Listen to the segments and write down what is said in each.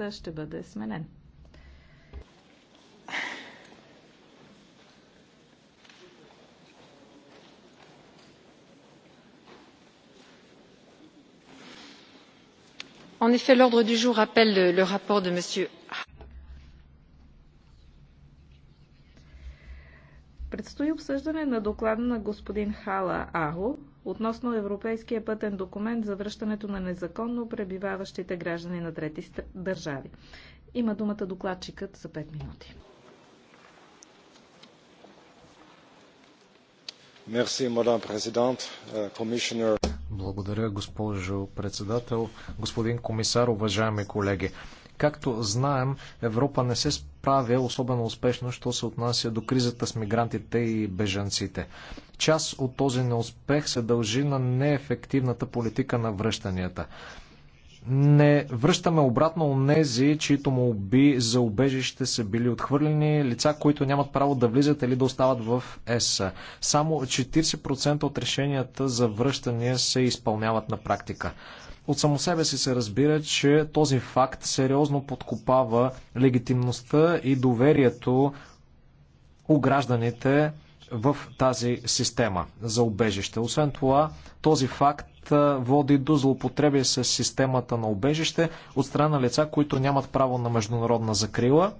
текстът ще бъде сменен. En effet, l'ordre du jour appelle le rapport de M. Предстои обсъждане на доклада на господин Хала Ахо относно европейския пътен документ за връщането на незаконно пребиваващите граждани на трети държави. Има думата докладчикът за 5 минути. Euh, Благодаря, госпожо председател, господин комисар, уважаеми колеги. Както знаем, Европа не се справя особено успешно, що се отнася до кризата с мигрантите и бежанците. Част от този неуспех се дължи на неефективната политика на връщанията. Не връщаме обратно нези, чието молби за убежище са били отхвърлени, лица, които нямат право да влизат или да остават в ЕС. Само 40% от решенията за връщане се изпълняват на практика. От само себе си се разбира, че този факт сериозно подкопава легитимността и доверието у гражданите в тази система за убежище. Освен това, този факт води до злоупотреби с системата на убежище от страна на лица, които нямат право на международна закрила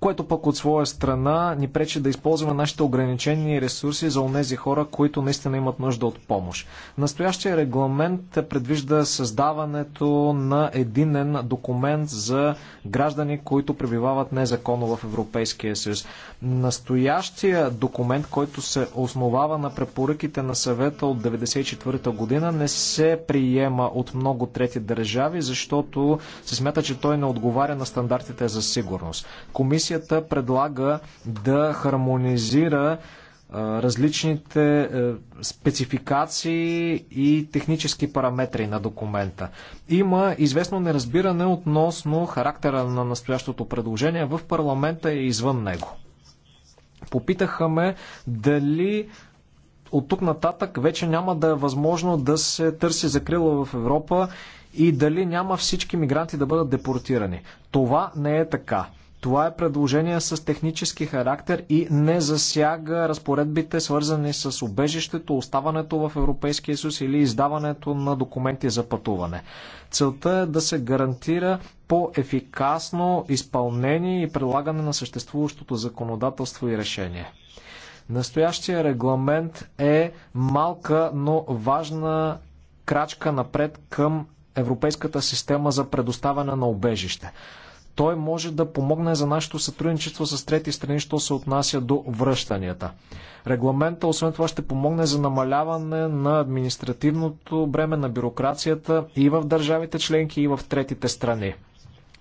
което пък от своя страна ни пречи да използваме нашите ограничени ресурси за онези хора, които наистина имат нужда от помощ. Настоящия регламент предвижда създаването на единен документ за граждани, които пребивават незаконно в Европейския съюз. Настоящия документ, който се основава на препоръките на съвета от 1994 година, не се приема от много трети държави, защото се смята, че той не отговаря на стандартите за сигурност. Комисията предлага да хармонизира различните спецификации и технически параметри на документа. Има известно неразбиране относно характера на настоящото предложение в парламента и извън него. Попитаха ме дали от тук нататък вече няма да е възможно да се търси закрила в Европа и дали няма всички мигранти да бъдат депортирани. Това не е така. Това е предложение с технически характер и не засяга разпоредбите, свързани с обежището, оставането в Европейския съюз или издаването на документи за пътуване. Целта е да се гарантира по-ефикасно изпълнение и прилагане на съществуващото законодателство и решение. Настоящия регламент е малка, но важна крачка напред към Европейската система за предоставяне на обежище. Той може да помогне за нашето сътрудничество с трети страни, що се отнася до връщанията. Регламента, освен това, ще помогне за намаляване на административното бреме на бюрокрацията и в държавите членки, и в третите страни.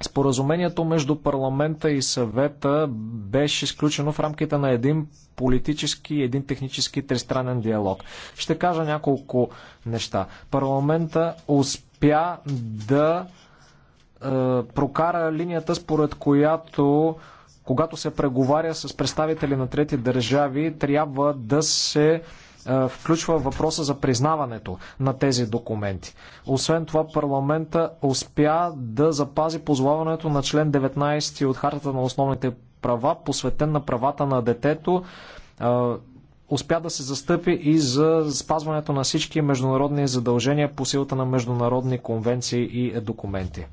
Споразумението между парламента и съвета беше изключено в рамките на един политически и един технически тристранен диалог. Ще кажа няколко неща. Парламента успя да е, прокара линията, според която когато се преговаря с представители на трети държави, трябва да се е, включва въпроса за признаването на тези документи. Освен това, парламента успя да запази позоваването на член 19 от Хартата на основните права, посветен на правата на детето. Е, успя да се застъпи и за спазването на всички международни задължения по силата на международни конвенции и документи.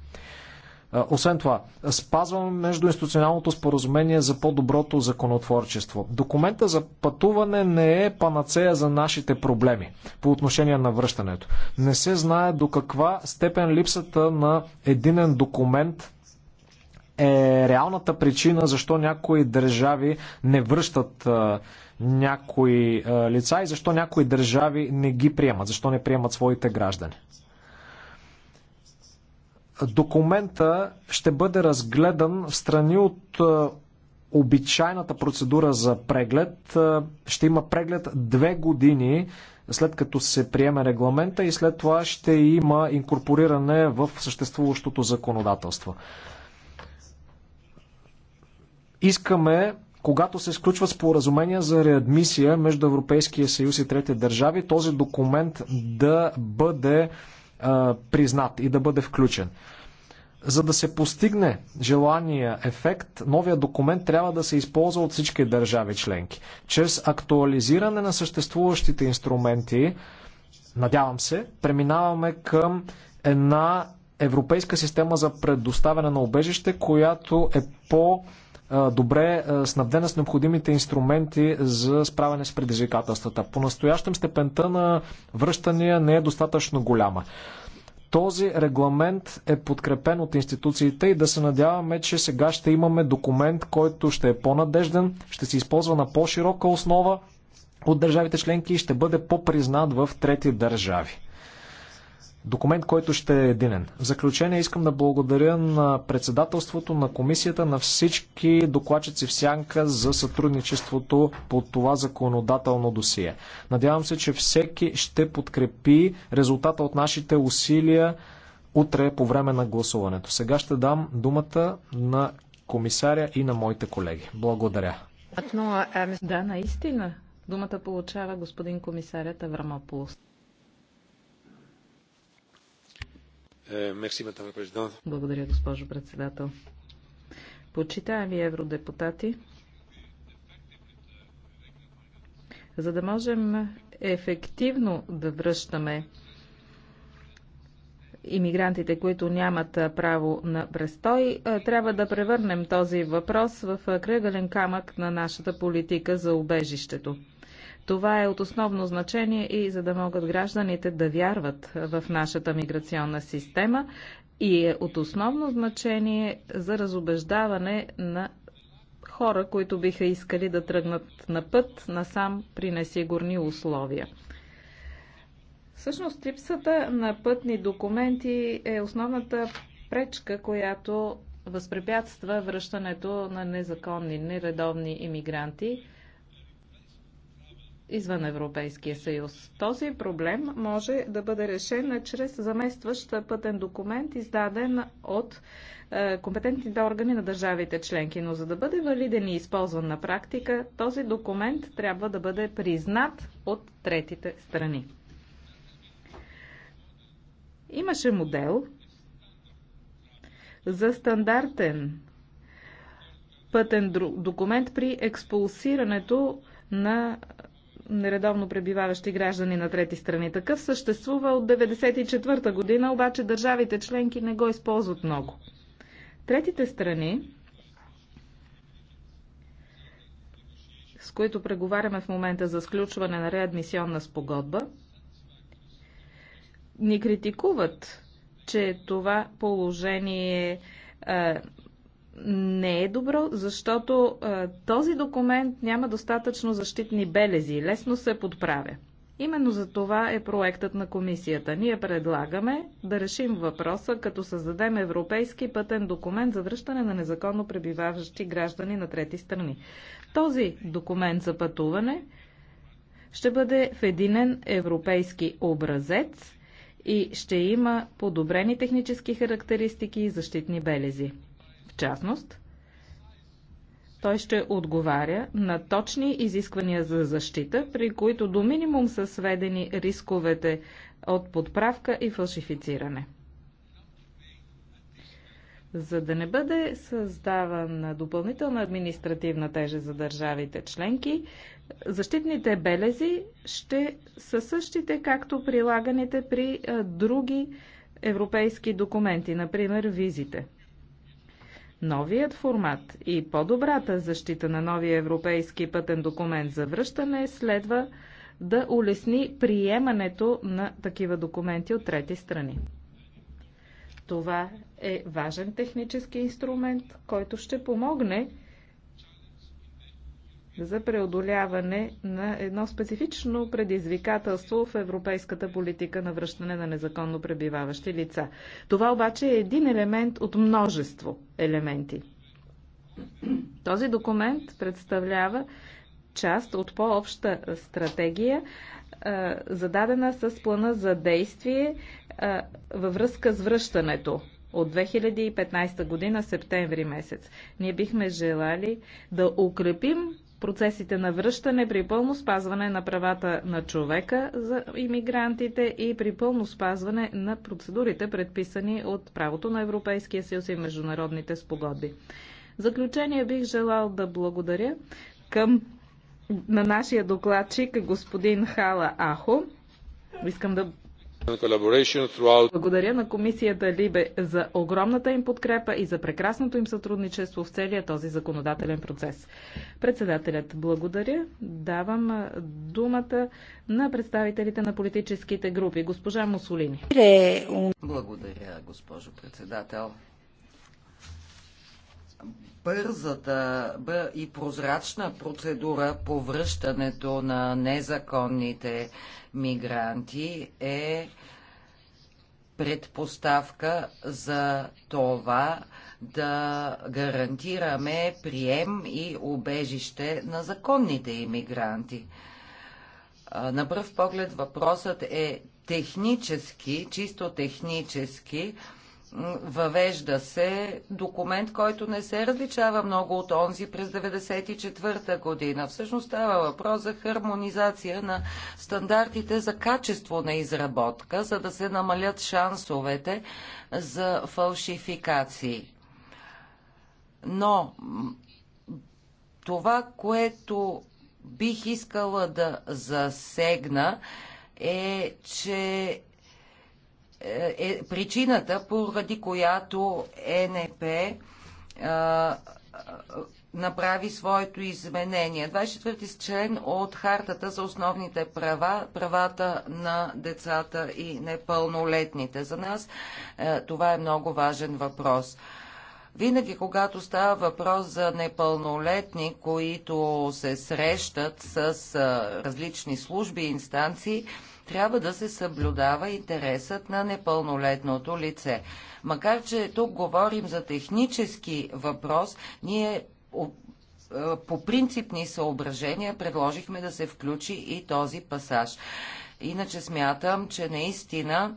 Освен това, спазваме междуинституционалното споразумение за по-доброто законотворчество. Документа за пътуване не е панацея за нашите проблеми по отношение на връщането. Не се знае до каква степен липсата на единен документ е реалната причина защо някои държави не връщат някои лица и защо някои държави не ги приемат, защо не приемат своите граждани документа ще бъде разгледан в страни от е, обичайната процедура за преглед. Е, ще има преглед две години след като се приеме регламента и след това ще има инкорпориране в съществуващото законодателство. Искаме, когато се изключва споразумение за реадмисия между Европейския съюз и трети държави, този документ да бъде е, признат и да бъде включен. За да се постигне желания ефект, новия документ трябва да се използва от всички държави членки. Чрез актуализиране на съществуващите инструменти, надявам се, преминаваме към една европейска система за предоставяне на обежище, която е по- добре е, снабдена с необходимите инструменти за справяне с предизвикателствата. По настоящем степента на връщания не е достатъчно голяма. Този регламент е подкрепен от институциите и да се надяваме, че сега ще имаме документ, който ще е по-надежден, ще се използва на по-широка основа от държавите членки и ще бъде по-признат в трети държави документ, който ще е единен. В заключение искам да благодаря на председателството, на комисията, на всички докладчици в сянка за сътрудничеството по това законодателно досие. Надявам се, че всеки ще подкрепи резултата от нашите усилия утре по време на гласуването. Сега ще дам думата на комисаря и на моите колеги. Благодаря. Да, наистина. Думата получава господин комисарят Аврамополос. Е, Благодаря, госпожо председател. Почитаеми евродепутати, за да можем ефективно да връщаме иммигрантите, които нямат право на престой, е, трябва да превърнем този въпрос в кръгален камък на нашата политика за убежището. Това е от основно значение и за да могат гражданите да вярват в нашата миграционна система и е от основно значение за разобеждаване на хора, които биха искали да тръгнат на път насам при несигурни условия. Всъщност липсата на пътни документи е основната пречка, която възпрепятства връщането на незаконни, нередовни иммигранти извън Европейския съюз. Този проблем може да бъде решен чрез заместващ пътен документ, издаден от е, компетентните органи на държавите членки. Но за да бъде валиден и използван на практика, този документ трябва да бъде признат от третите страни. Имаше модел за стандартен пътен документ при експулсирането на е, нередовно пребиваващи граждани на трети страни. Такъв съществува от 1994 година, обаче държавите членки не го използват много. Третите страни, с които преговаряме в момента за сключване на реадмисионна спогодба, ни критикуват, че това положение е, не е добро, защото а, е, този документ няма достатъчно защитни белези, лесно се подправя. Именно за това е проектът на комисията. Ние предлагаме да решим въпроса, като създадем европейски пътен документ за връщане на незаконно пребиваващи граждани на трети страни. Този документ за пътуване ще бъде в единен европейски образец и ще има подобрени технически характеристики и защитни белези частност, той ще отговаря на точни изисквания за защита, при които до минимум са сведени рисковете от подправка и фалшифициране. За да не бъде създавана допълнителна административна теже за държавите членки, защитните белези ще са същите, както прилаганите при други европейски документи, например визите. Новият формат и по-добрата защита на новия европейски пътен документ за връщане следва да улесни приемането на такива документи от трети страни. Това е важен технически инструмент, който ще помогне за преодоляване на едно специфично предизвикателство в европейската политика на връщане на незаконно пребиваващи лица. Това обаче е един елемент от множество елементи. Този документ представлява част от по-обща стратегия, зададена с плана за действие във връзка с връщането от 2015 година, септември месец. Ние бихме желали да укрепим процесите на връщане при пълно спазване на правата на човека за иммигрантите и при пълно спазване на процедурите, предписани от правото на Европейския съюз и международните спогодби. В заключение бих желал да благодаря към на нашия докладчик господин Хала Ахо. Искам да благодаря на комисията Либе за огромната им подкрепа и за прекрасното им сътрудничество в целия този законодателен процес. Председателят благодаря. Давам думата на представителите на политическите групи. Госпожа Мусолини. Благодаря, госпожо председател бързата и прозрачна процедура по връщането на незаконните мигранти е предпоставка за това да гарантираме прием и убежище на законните иммигранти. На пръв поглед въпросът е технически, чисто технически, въвежда се документ, който не се различава много от онзи през 1994 година. Всъщност става въпрос за хармонизация на стандартите за качество на изработка, за да се намалят шансовете за фалшификации. Но това, което бих искала да засегна, е, че е причината, поради която ЕНП е, направи своето изменение. 24 член от Хартата за основните права, правата на децата и непълнолетните. За нас е, това е много важен въпрос. Винаги, когато става въпрос за непълнолетни, които се срещат с различни служби и инстанции, трябва да се съблюдава интересът на непълнолетното лице. Макар, че тук говорим за технически въпрос, ние е, по принципни съображения предложихме да се включи и този пасаж. Иначе смятам, че наистина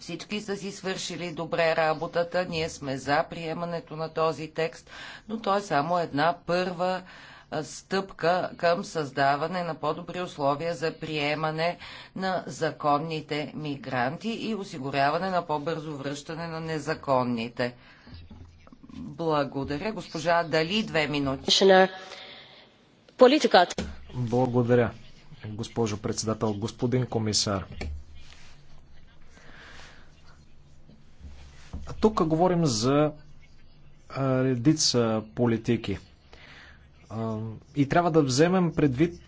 всички са си свършили добре работата, ние сме за приемането на този текст, но той е само една първа стъпка към създаване на по-добри условия за приемане на законните мигранти и осигуряване на по-бързо връщане на незаконните. Благодаря. Госпожа Дали, две минути. Благодаря, госпожо председател, господин комисар. Тук говорим за редица политики – и трябва да вземем предвид,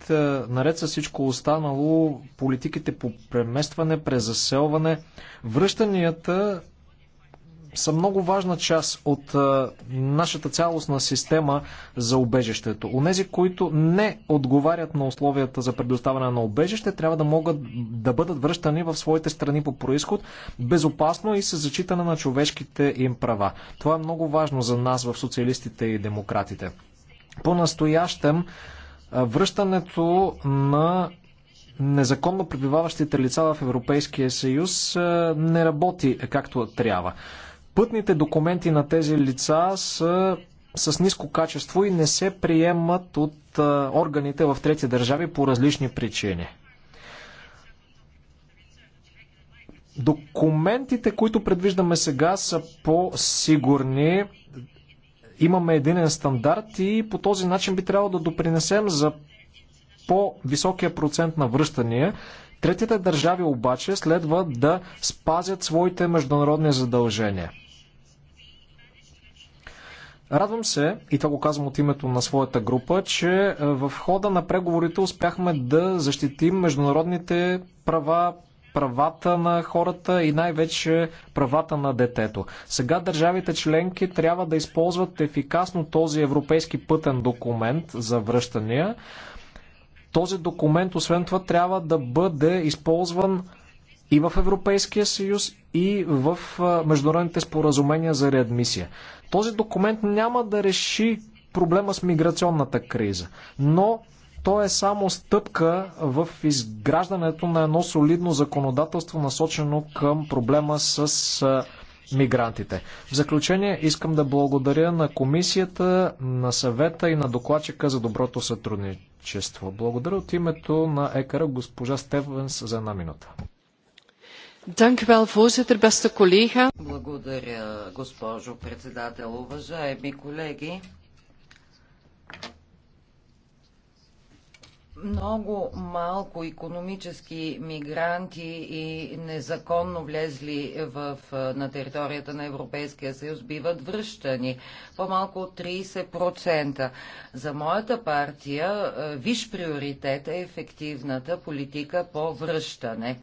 наред с всичко останало, политиките по преместване, презаселване, връщанията са много важна част от нашата цялостна система за обежището. Онези, които не отговарят на условията за предоставяне на обежище, трябва да могат да бъдат връщани в своите страни по происход безопасно и с зачитане на човешките им права. Това е много важно за нас в социалистите и демократите. По-настоящем връщането на незаконно пребиваващите лица в Европейския съюз не работи както трябва. Пътните документи на тези лица са с ниско качество и не се приемат от органите в трети държави по различни причини. Документите, които предвиждаме сега, са по-сигурни имаме единен стандарт и по този начин би трябвало да допринесем за по-високия процент на връщания. Третите държави обаче следва да спазят своите международни задължения. Радвам се, и това го казвам от името на своята група, че е, в хода на преговорите успяхме да защитим международните права, правата на хората и най-вече правата на детето. Сега държавите членки трябва да използват ефикасно този европейски пътен документ за връщания. Този документ, освен това, трябва да бъде използван и в Европейския съюз, и в международните споразумения за реадмисия. Този документ няма да реши проблема с миграционната криза, но то е само стъпка в изграждането на едно солидно законодателство, насочено към проблема с мигрантите. В заключение искам да благодаря на комисията, на съвета и на докладчика за доброто сътрудничество. Благодаря от името на ЕКАРА госпожа Стевенс за една минута. Благодаря, госпожо председател. Уважаеми колеги, много малко економически мигранти и незаконно влезли в, на територията на Европейския съюз биват връщани. По-малко от 30%. За моята партия виш приоритет е ефективната политика по връщане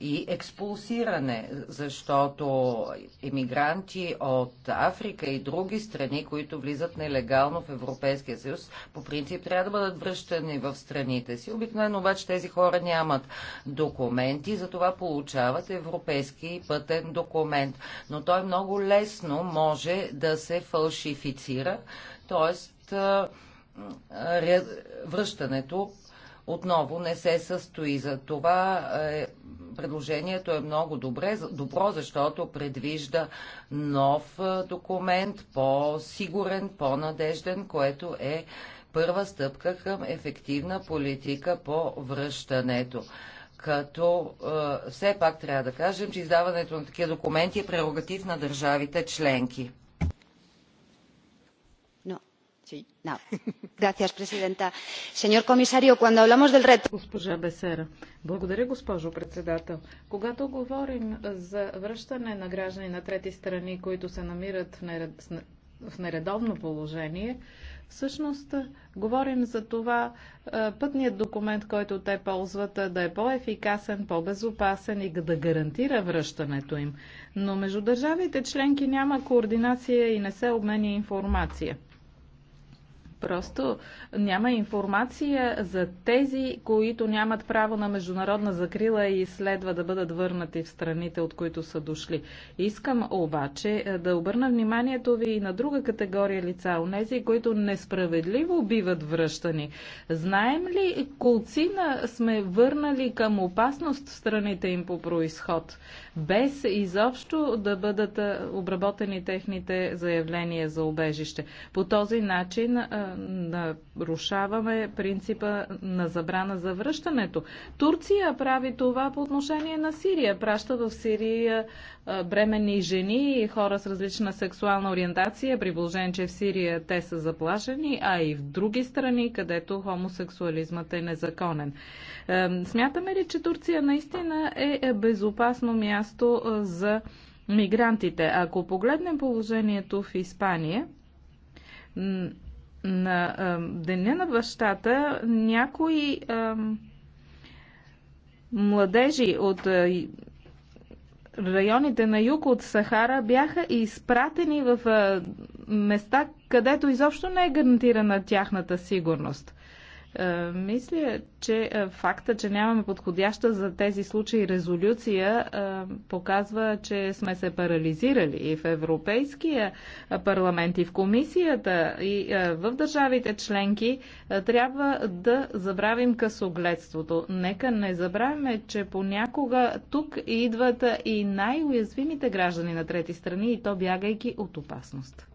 и експулсиране, защото емигранти от Африка и други страни, които влизат нелегално в Европейския съюз, по принцип трябва да бъдат връщани в страните си. Обикновено обаче тези хора нямат документи, затова получават европейски пътен документ. Но той много лесно може да се фалшифицира, т.е. връщането отново не се състои. За това е Предложението е много добре, добро, защото предвижда нов документ, по-сигурен, по-надежден, което е първа стъпка към ефективна политика по връщането като е, все пак трябва да кажем, че издаването на такива документи е прерогатив на държавите членки señora presidenta. Señor комисарио, cuando hablamos del reto... Госпожа Бесера. Благодаря, госпожо председател. Когато говорим за връщане на граждани на трети страни, които се намират в, нередовно положение, Всъщност, говорим за това пътният документ, който те ползват, да е по-ефикасен, по-безопасен и да гарантира връщането им. Но между държавите членки няма координация и не се обменя информация. Просто няма информация за тези, които нямат право на международна закрила и следва да бъдат върнати в страните, от които са дошли. Искам обаче е, да обърна вниманието ви и на друга категория лица, у нези, които несправедливо биват връщани. Знаем ли колцина сме върнали към опасност в страните им по происход, без изобщо да бъдат е, обработени техните заявления за убежище? По този начин е, нарушаваме принципа на забрана за връщането. Турция прави това по отношение на Сирия. Праща в Сирия бремени жени и хора с различна сексуална ориентация, при положение, че в Сирия те са заплашени, а и в други страни, където хомосексуализмът е незаконен. Смятаме ли, че Турция наистина е безопасно място за мигрантите? Ако погледнем положението в Испания, на Деня на бащата някои младежи от районите на юг от Сахара бяха изпратени в места, където изобщо не е гарантирана тяхната сигурност. Е, мисля, че е, факта, че нямаме подходяща за тези случаи резолюция, е, показва, че сме се парализирали и в Европейския парламент, и в комисията, и в държавите членки. Трябва да забравим късогледството. Нека не забравяме, че понякога тук идват и най-уязвимите граждани на трети страни, и то бягайки от опасност.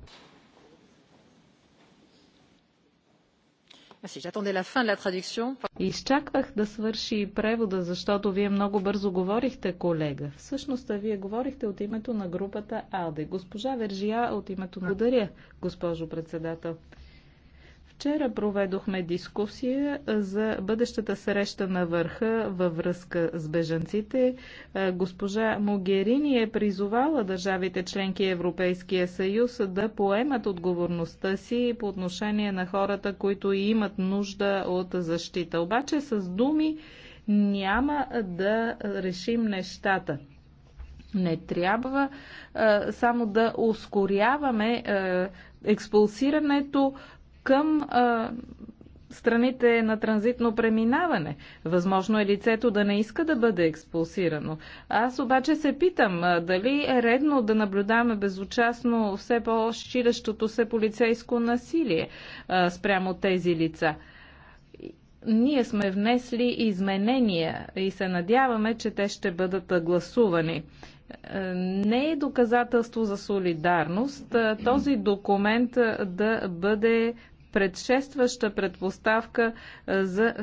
Ah, Изчаквах да свърши превода, защото вие много бързо говорихте, колега. Всъщност, вие говорихте от името на групата АЛДЕ. Госпожа Вержия от името на... Благодаря, госпожо председател. Вчера проведохме дискусия за бъдещата среща на върха във връзка с бежанците. Госпожа Могерини е призовала държавите членки Европейския съюз да поемат отговорността си по отношение на хората, които имат нужда от защита. Обаче с думи няма да решим нещата. Не трябва а, само да ускоряваме а, експулсирането към а, страните на транзитно преминаване. Възможно е лицето да не иска да бъде експулсирано. Аз обаче се питам дали е редно да наблюдаваме безучастно все по-щирещото се полицейско насилие а, спрямо тези лица. Ние сме внесли изменения и се надяваме, че те ще бъдат гласувани не е доказателство за солидарност този документ да бъде предшестваща предпоставка е, за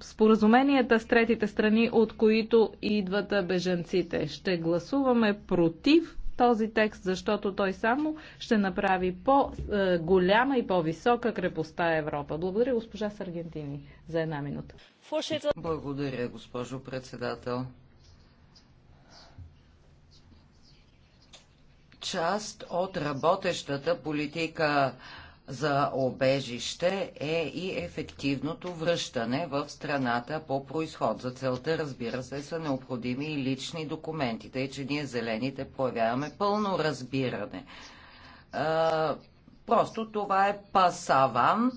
споразуменията с третите страни, от които идват беженците. Ще гласуваме против този текст, защото той само ще направи по-голяма и по-висока крепостта Европа. Благодаря госпожа Саргентини за една минута. Благодаря, госпожо председател. Част от работещата политика за обежище е и ефективното връщане в страната по происход. За целта, разбира се, са необходими и лични документи, тъй че ние зелените проявяваме пълно разбиране. А, просто това е пасаван,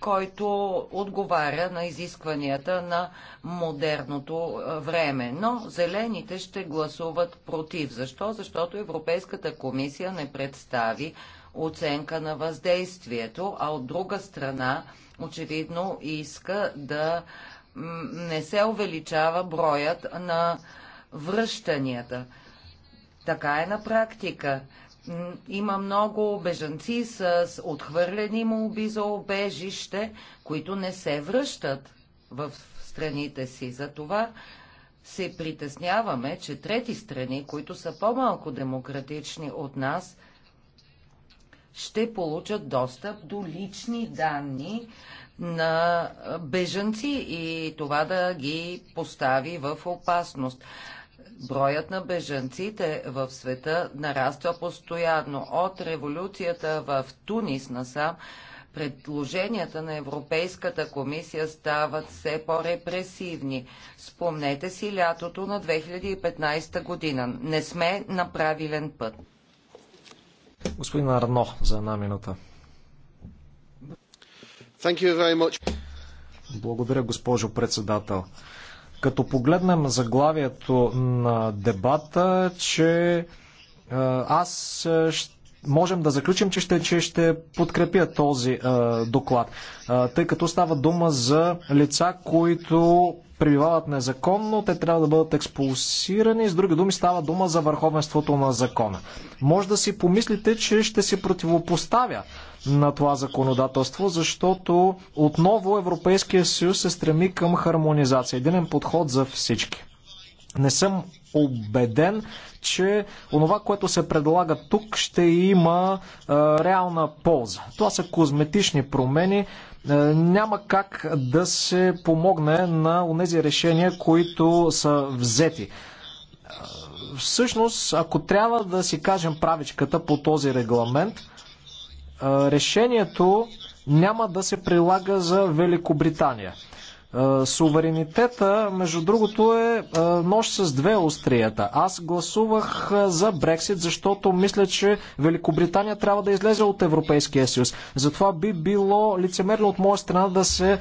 който отговаря на изискванията на модерното време. Но зелените ще гласуват против. Защо? Защото Европейската комисия не представи оценка на въздействието, а от друга страна очевидно иска да не се увеличава броят на връщанията. Така е на практика. Има много бежанци с отхвърлени молби за обежище, които не се връщат в страните си. Затова се притесняваме, че трети страни, които са по-малко демократични от нас, ще получат достъп до лични данни на бежанци и това да ги постави в опасност. Броят на бежанците в света нараства постоянно. От революцията в Тунис насам предложенията на Европейската комисия стават все по-репресивни. Спомнете си лятото на 2015 година. Не сме на правилен път. Господин Арно, за една минута. Благодаря, госпожо председател. Като погледнем заглавието на дебата, че аз ще можем да заключим, че ще, че ще подкрепя този е, доклад, е, тъй като става дума за лица, които пребивават незаконно, те трябва да бъдат експулсирани, с други думи става дума за върховенството на закона. Може да си помислите, че ще се противопоставя на това законодателство, защото отново Европейския съюз се стреми към хармонизация. Единен подход за всички. Не съм убеден, че онова, което се предлага тук, ще има а, реална полза. Това са козметични промени. няма как да се помогне на тези решения, които са взети. Всъщност, ако трябва да си кажем правичката по този регламент, решението няма да се прилага за Великобритания. Е, суверенитета, между другото, е, е нощ с две острията. Аз гласувах е, за Брексит, защото мисля, че Великобритания трябва да излезе от Европейския съюз. Затова би било лицемерно от моя страна да се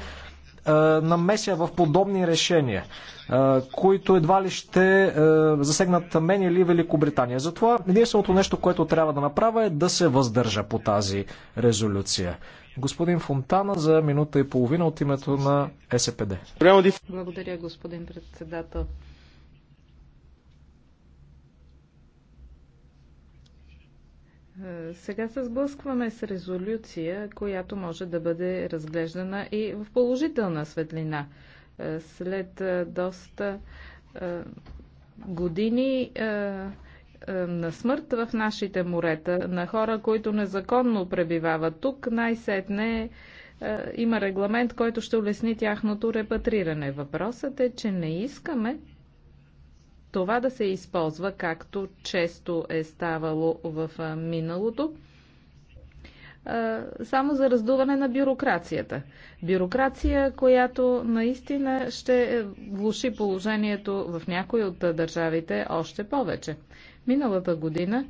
намеся в подобни решения, които едва ли ще засегнат мен или Великобритания. Затова единственото нещо, което трябва да направя е да се въздържа по тази резолюция. Господин Фонтана за минута и половина от името на СПД. Благодаря, господин председател. Е, сега се сблъскваме с резолюция, която може да бъде разглеждана и в положителна светлина. Е, след е, доста години е, на смърт в нашите морета, на хора, които незаконно пребивават тук, най-сетне е, има регламент, който ще улесни тяхното репатриране. Въпросът е, че не искаме това да се използва, както често е ставало в е, миналото, само за раздуване на бюрокрацията. Бюрокрация, която наистина ще влуши положението в някои от държавите още повече. Миналата година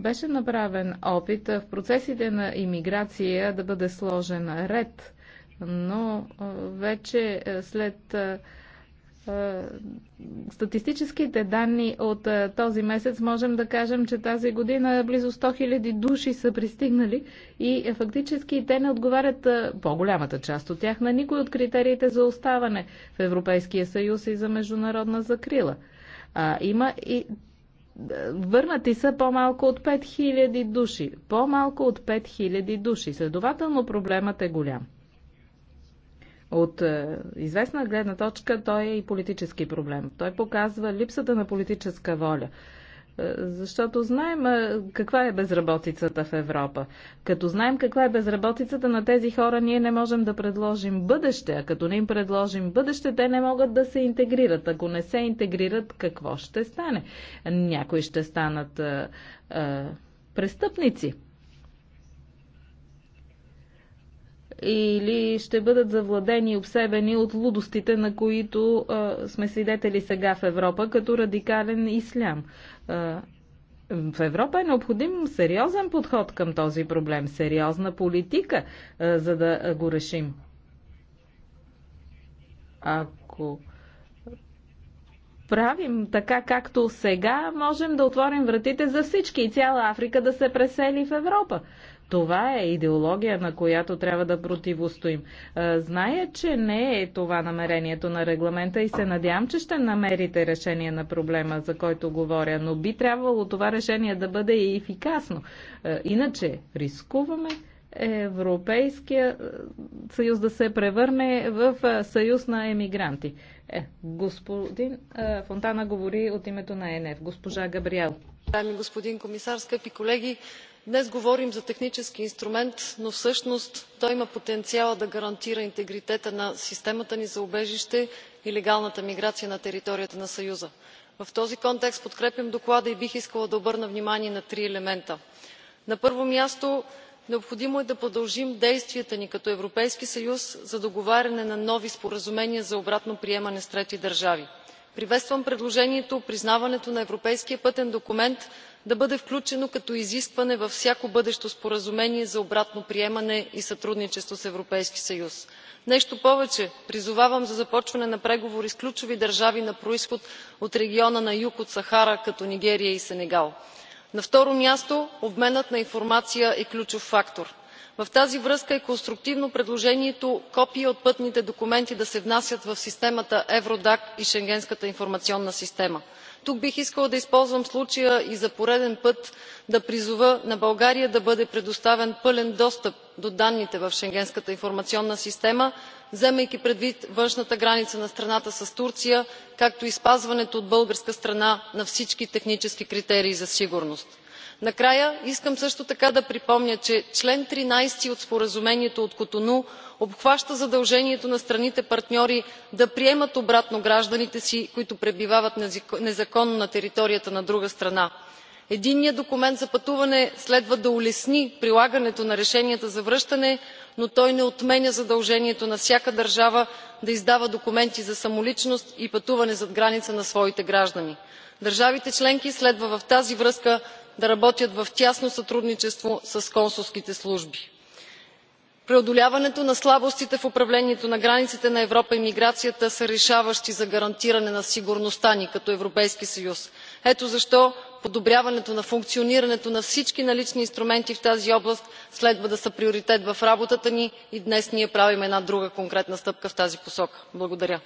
беше направен опит в процесите на иммиграция да бъде сложен ред, но вече след статистическите данни от този месец можем да кажем, че тази година близо 100 000 души са пристигнали и е, фактически те не отговарят по-голямата част от тях на никой от критериите за оставане в Европейския съюз и за международна закрила. А, има и е, върнати са по-малко от 5000 души. По-малко от 5000 души. Следователно проблемът е голям. От е, известна гледна точка той е и политически проблем. Той показва липсата на политическа воля. Е, защото знаем е, каква е безработицата в Европа. Като знаем каква е безработицата на тези хора, ние не можем да предложим бъдеще. А като не им предложим бъдеще, те не могат да се интегрират. Ако не се интегрират, какво ще стане? Някои ще станат а, е, а, престъпници. или ще бъдат завладени и обсебени от лудостите, на които а, сме свидетели сега в Европа, като радикален ислям. Е, в Европа е необходим сериозен подход към този проблем, сериозна политика, е, за да го решим. Ако правим така както сега, можем да отворим вратите за всички и цяла Африка да се пресели в Европа. Това е идеология, на която трябва да противостоим. Зная, че не е това намерението на регламента и се надявам, че ще намерите решение на проблема, за който говоря, но би трябвало това решение да бъде и ефикасно. Иначе рискуваме Европейския съюз да се превърне в съюз на емигранти. Е, господин е, Фонтана говори от името на ЕНФ. Госпожа Габриел. Дами господин комисар, скъпи колеги, днес говорим за технически инструмент, но всъщност той има потенциала да гарантира интегритета на системата ни за убежище и легалната миграция на територията на Съюза. В този контекст подкрепям доклада и бих искала да обърна внимание на три елемента. На първо място, необходимо е да продължим действията ни като европейски съюз за договаряне на нови споразумения за обратно приемане с трети държави. приветствам предложението признаването на европейския пътен документ да бъде включено като изискване във всяко бъдещо споразумение за обратно приемане и сътрудничество с европейския съюз. нещо повече призовавам за започване на преговори с ключови държави на произход от региона на юг от сахара като нигерия и сенегал на второ място обменът на информация е ключов фактор. в тази връзка е конструктивно предложението копия от пътните документи да се внасят в системата евродак и шенгенската информационна система тук бих искала да използвам случая и за пореден път да призова на българия да бъде предоставен пълен достъп до данните в шенгенската информационна система вземайки предвид външната граница на страната с турция както и спазването от българска страна на всички технически критерии за сигурност накрая искам също така да припомня че член 13 от споразумението от котону обхваща задължението на страните партньори да приемат обратно гражданите си които пребивават незаконно на територията на друга страна. единният документ за пътуване следва да улесни прилагането на решенията за връщане но той не отменя задължението на всяка държава да издава документи за самоличност и пътуване зад граница на своите граждани. държавите членки следва в тази връзка да работят в тясно сътрудничество с консулските служби. преодоляването на слабостите в управлението на границите на европа и миграцията са решаващи за гарантиране на сигурността ни като европейски съюз. ето защо подобряването на функционирането на всички налични инструменти в тази област следва да са приоритет в работата ни и днес ние правим една друга конкретна стъпка в тази посока. благодаря.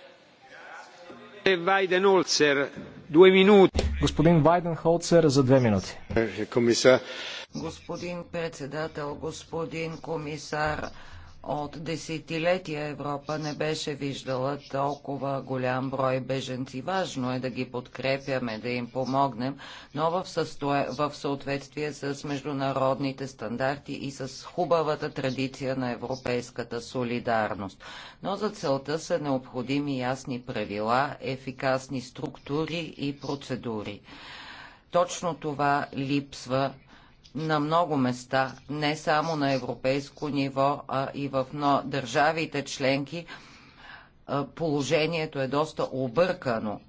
Господин Вайденхолцер за две минути. Е, господин председател, господин комисар, от десетилетия Европа не беше виждала толкова голям брой беженци. Важно е да ги подкрепяме, да им помогнем, но в, състоя... в съответствие с международните стандарти и с хубавата традиция на европейската солидарност. Но за целта са необходими ясни правила, ефикасни структури и процедури. Точно това липсва на много места, не само на европейско ниво, а и в държавите членки, положението е доста объркано.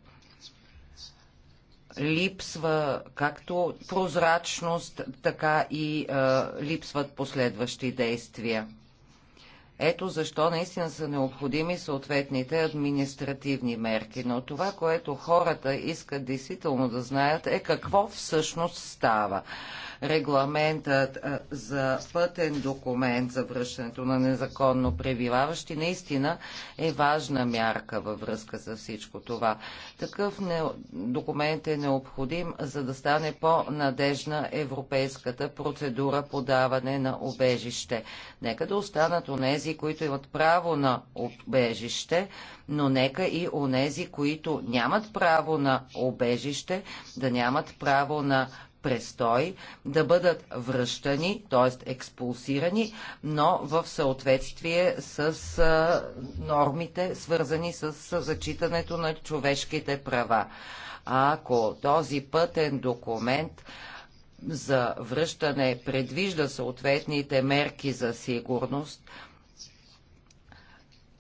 Липсва както прозрачност, така и липсват последващи действия. Ето защо наистина са необходими съответните административни мерки. Но това, което хората искат действително да знаят е какво всъщност става. Регламентът за пътен документ за връщането на незаконно пребиваващи наистина е важна мярка във връзка с всичко това. Такъв не... документ е необходим, за да стане по-надежна европейската процедура подаване на обежище. Нека да останат у нези онези, които имат право на обежище, но нека и онези, които нямат право на обежище, да нямат право на престой, да бъдат връщани, т.е. експулсирани, но в съответствие с нормите, свързани с зачитането на човешките права. Ако този пътен документ за връщане предвижда съответните мерки за сигурност,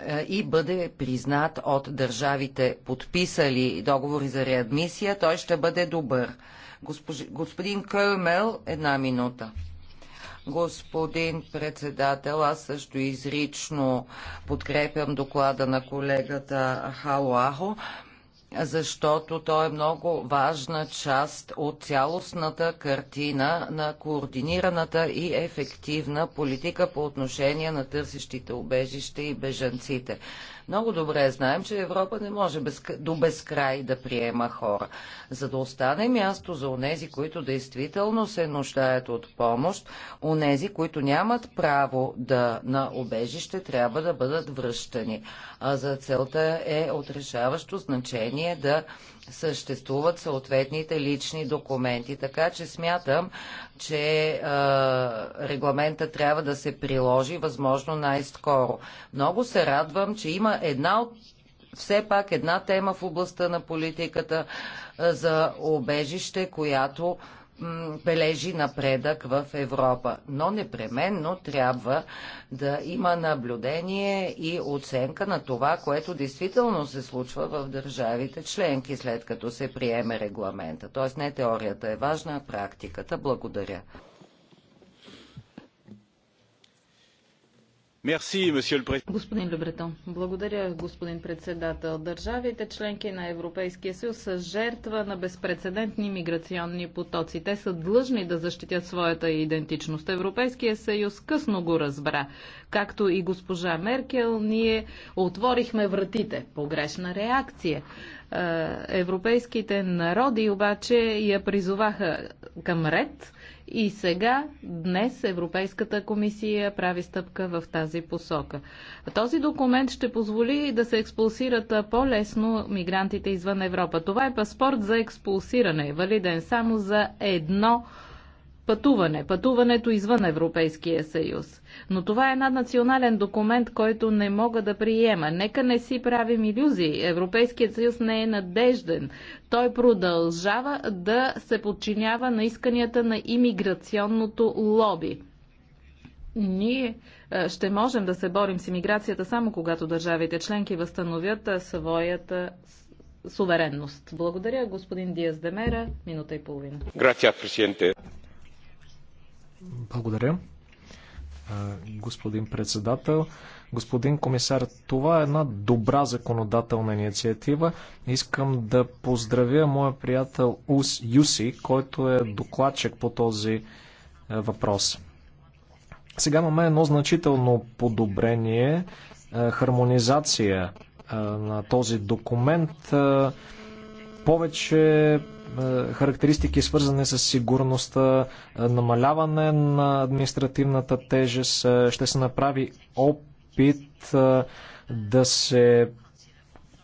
е, и бъде признат от държавите, подписали договори за реадмисия, той ще бъде добър. господин Кърмел, една минута. Господин председател, аз също изрично подкрепям доклада на колегата Халуахо защото то е много важна част от цялостната картина на координираната и ефективна политика по отношение на търсещите убежище и бежанците. Много добре знаем, че Европа не може без, до безкрай да приема хора. За да остане място за онези, които действително се нуждаят от помощ, онези, които нямат право да, на обежище, трябва да бъдат връщани. А за целта е отрешаващо значение да съществуват съответните лични документи. Така че смятам, че е, регламента трябва да се приложи възможно най-скоро. Много се радвам, че има една от все пак една тема в областта на политиката за обежище, която бележи напредък в Европа, но непременно трябва да има наблюдение и оценка на това, което действително се случва в държавите членки, след като се приеме регламента. Тоест не теорията е важна, а практиката. Благодаря. Господин Любретон, благодаря, господин председател. Държавите членки на Европейския съюз са жертва на безпредседентни миграционни потоци. Те са длъжни да защитят своята идентичност. Европейския съюз късно го разбра. Както и госпожа Меркел, ние отворихме вратите. Погрешна реакция. Е, европейските народи обаче я призоваха към ред и сега, днес, Европейската комисия прави стъпка в тази посока. Този документ ще позволи да се експулсират по-лесно мигрантите извън Европа. Това е паспорт за експулсиране, валиден само за едно пътуване, пътуването извън Европейския съюз. Но това е наднационален документ, който не мога да приема. Нека не си правим иллюзии. Европейският съюз не е надежден. Той продължава да се подчинява на исканията на имиграционното лоби. Ние ще можем да се борим с имиграцията само когато държавите членки възстановят своята суверенност. Благодаря, господин Диас Демера. Минута и половина. Грация, президенте. Благодаря. Господин председател, господин комисар, това е една добра законодателна инициатива. Искам да поздравя моя приятел Ус Юси, който е докладчик по този е, въпрос. Сега имаме едно значително подобрение, е, хармонизация е, на този документ. Повече е, характеристики, свързани с сигурността, е, намаляване на административната тежест. Е, ще се направи опит да се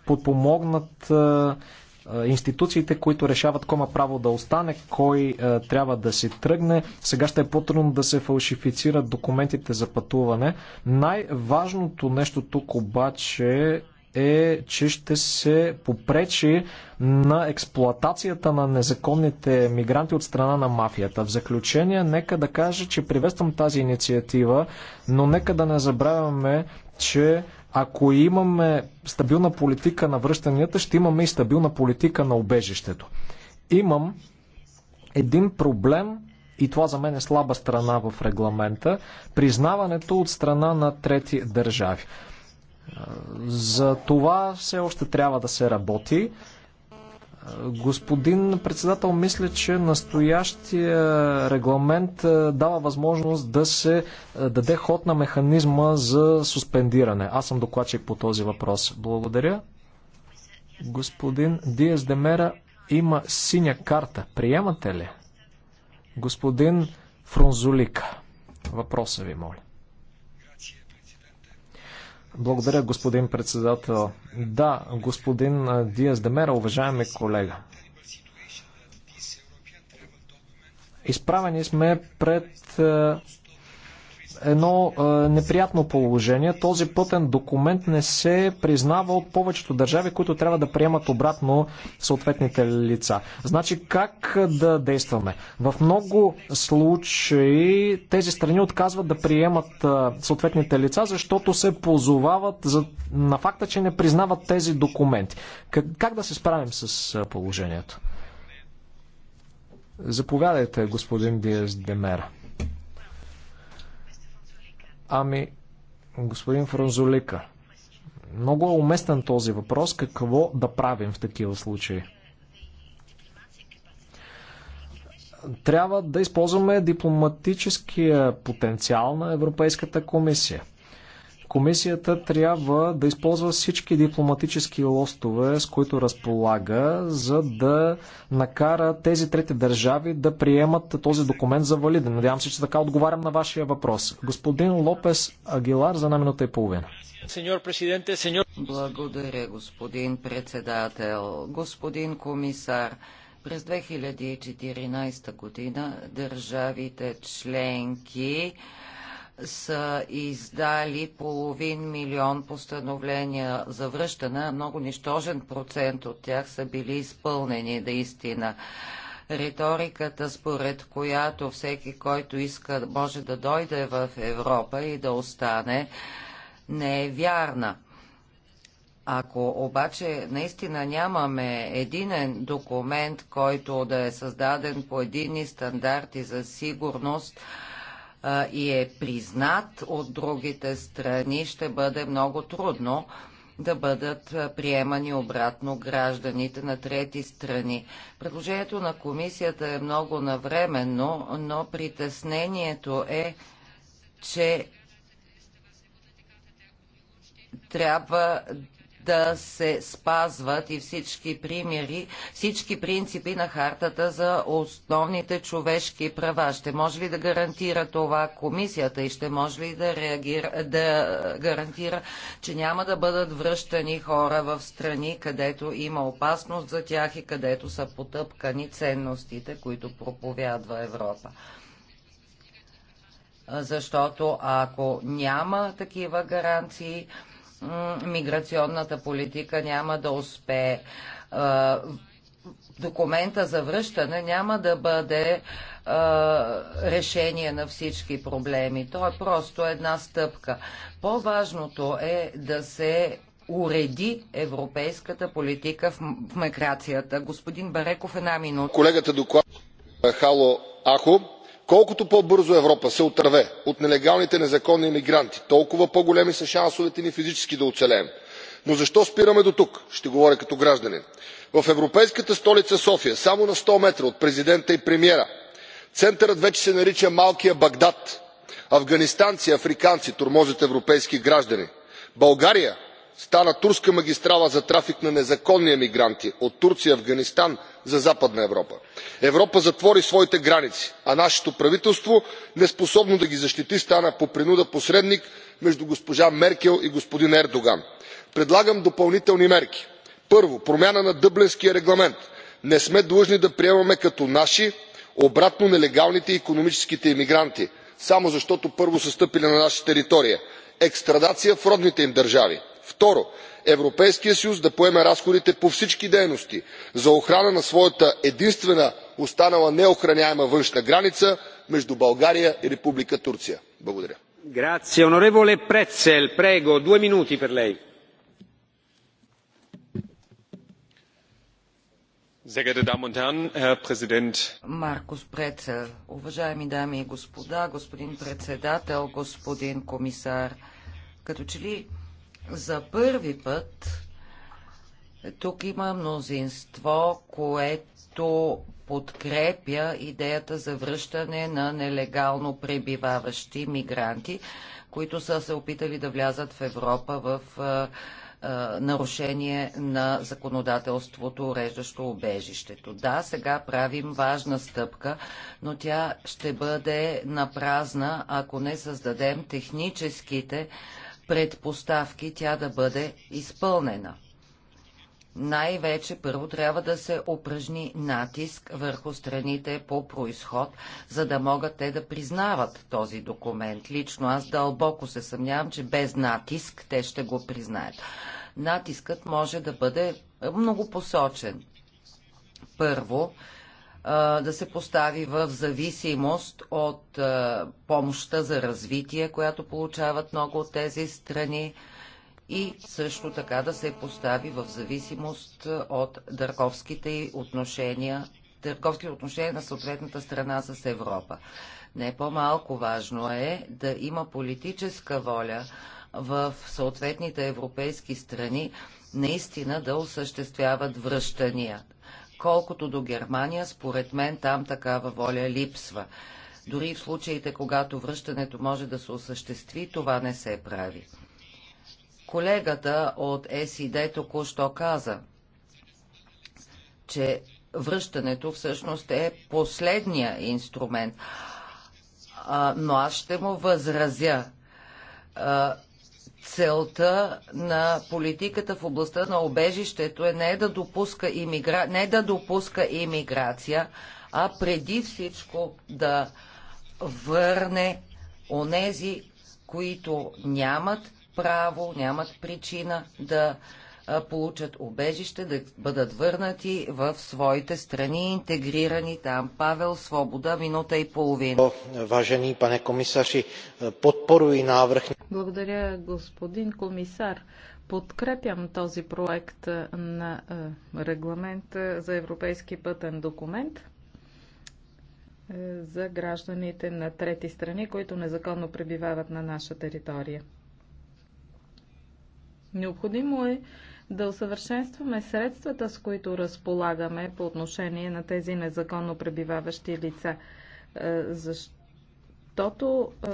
подпомогнат институциите, които решават кой има право да остане, кой е, трябва да си тръгне. Сега ще е по-трудно да се фалшифицират документите за пътуване. Най-важното нещо тук обаче е, че ще се попречи на експлоатацията на незаконните мигранти от страна на мафията. В заключение, нека да кажа, че приветствам тази инициатива, но нека да не забравяме, че ако имаме стабилна политика на връщанията, ще имаме и стабилна политика на обежището. Имам един проблем и това за мен е слаба страна в регламента, признаването от страна на трети държави. За това все още трябва да се работи. Господин председател, мисля, че настоящия регламент е, дава възможност да се е, даде ход на механизма за суспендиране. Аз съм докладчик по този въпрос. Благодаря. Господин Диес Демера има синя карта. Приемате ли? Господин Фрунзулика. Въпроса ви, моля. Благодаря, господин председател. Да, господин Диас Демера, уважаеми колега. Изправени сме пред едно е, неприятно положение. Този пътен документ не се признава от повечето държави, които трябва да приемат обратно съответните лица. Значи как да действаме? В много случаи тези страни отказват да приемат е, съответните лица, защото се позовават за, на факта, че не признават тези документи. Как, как да се справим с е, положението? Заповядайте, господин Диас Демера. Ами, господин Франзолика, много е уместен този въпрос. Какво да правим в такива случаи? Трябва да използваме дипломатическия потенциал на Европейската комисия. Комисията трябва да използва всички дипломатически лостове, с които разполага, за да накара тези трети държави да приемат този документ за валиден. Надявам се, че така отговарям на вашия въпрос. Господин Лопес Агилар за една минута и половина. Благодаря, господин председател. Господин комисар, през 2014 година държавите членки са издали половин милион постановления за връщане. Много нищожен процент от тях са били изпълнени наистина. Риториката, според която всеки, който иска, може да дойде в Европа и да остане, не е вярна. Ако обаче наистина нямаме единен документ, който да е създаден по едини стандарти за сигурност, и е признат от другите страни, ще бъде много трудно да бъдат приемани обратно гражданите на трети страни. Предложението на комисията е много навременно, но притеснението е, че трябва да да се спазват и всички примери, всички принципи на хартата за основните човешки права. Ще може ли да гарантира това комисията и ще може ли да, реагира, да гарантира, че няма да бъдат връщани хора в страни, където има опасност за тях и където са потъпкани ценностите, които проповядва Европа? защото ако няма такива гаранции, миграционната политика няма да успее. Документа за връщане няма да бъде решение на всички проблеми. То е просто една стъпка. По-важното е да се уреди европейската политика в миграцията. Господин Бареков, една минута. Колегата доклад Хало Ахо колкото по бързо европа се отърве от нелегалните незаконни имигранти толкова по големи са шансовете ни физически да оцелеем. но защо спираме дотук? ще говоря като гражданин. в европейската столица софия само на сто метра от президента и премиера центърът вече се нарича малкият багдад. афганистанци африканци тормозят европейски граждани. България стана турска магистрала за трафик на незаконни емигранти от турция и афганистан за западна европа. европа затвори своите граници а нашето правителство неспособно да ги защити стана по принуда посредник между госпожа меркел и господин ердоган. предлагам допълнителни мерки. първо промяна на дъблинския регламент. не сме длъжни да приемаме като наши обратно нелегалните и икономическите емигранти само защото първо са стъпили на наша територия. екстрадация в родните им държави второ европейският съюз да поеме разходите по всички дейности за охрана на своята единствена останала неохраняема външна граница между българя и република турция. благодаря. sehr geehrte damen und herren herr präsident! маркус прецел уважаеми дами и господа господин председател господин комисар като че ли за първи път тук има мнозинство, което подкрепя идеята за връщане на нелегално пребиваващи мигранти, които са се опитали да влязат в Европа в нарушение на законодателството, уреждащо обежището. Да, сега правим важна стъпка, но тя ще бъде напразна, ако не създадем техническите предпоставки тя да бъде изпълнена. Най-вече първо трябва да се упражни натиск върху страните по происход, за да могат те да признават този документ. Лично аз дълбоко се съмнявам, че без натиск те ще го признаят. Натискът може да бъде многопосочен. Първо, да се постави в зависимост от помощта за развитие, която получават много от тези страни и също така да се постави в зависимост от дърковските отношения, дърковски отношения на съответната страна с Европа. Не по-малко важно е да има политическа воля в съответните европейски страни наистина да осъществяват връщания. Колкото до Германия, според мен там такава воля липсва. Дори в случаите, когато връщането може да се осъществи, това не се прави. Колегата от СИД току-що каза, че връщането всъщност е последния инструмент. А, но аз ще му възразя. А, целта на политиката в областта на обежището е не да допуска, имигра... не да допуска имиграция, а преди всичко да върне онези, които нямат право, нямат причина да получат убежище, да бъдат върнати в своите страни, интегрирани там. Павел, свобода, минута и половина. Важени пане комисари, подпоруй навръх. Благодаря, господин комисар. Подкрепям този проект на регламент за европейски пътен документ за гражданите на трети страни, които незаконно пребивават на наша територия. Необходимо е да усъвършенстваме средствата, с които разполагаме по отношение на тези незаконно пребиваващи лица. Е, защото е,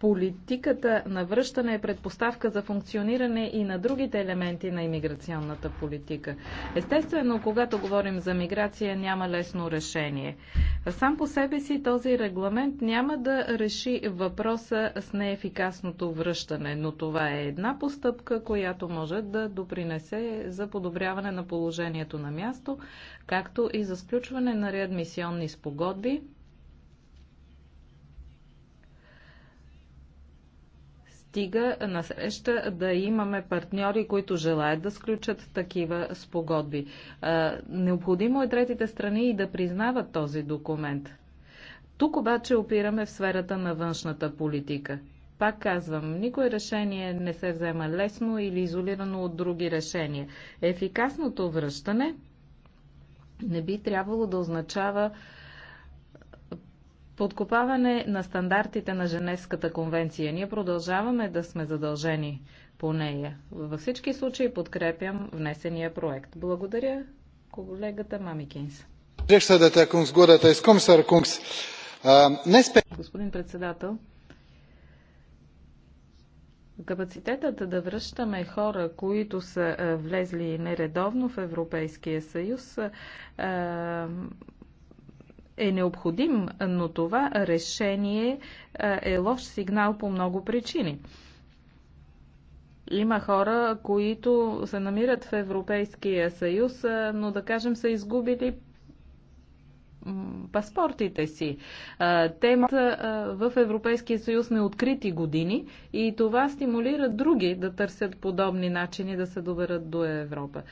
политиката на връщане е предпоставка за функциониране и на другите елементи на иммиграционната политика. Естествено, когато говорим за миграция, няма лесно решение. Сам по себе си този регламент няма да реши въпроса с неефикасното връщане, но това е една постъпка, която може да допринесе за подобряване на положението на място, както и за сключване на реадмисионни спогодби, стига на среща да имаме партньори, които желаят да сключат такива спогодби. Необходимо е третите страни и да признават този документ. Тук обаче опираме в сферата на външната политика. Пак казвам, никое решение не се взема лесно или изолирано от други решения. Ефикасното връщане не би трябвало да означава подкопаване на стандартите на Женевската конвенция. Ние продължаваме да сме задължени по нея. Във всички случаи подкрепям внесения проект. Благодаря колегата Мамикинс. Господин председател, Капацитетът да връщаме хора, които са влезли нередовно в Европейския съюз, е необходим, но това решение е лош сигнал по много причини. Има хора, които се намират в Европейския съюз, но да кажем са изгубили паспортите си. Те в Европейския съюз неоткрити години и това стимулира други да търсят подобни начини да се доверят до Европа.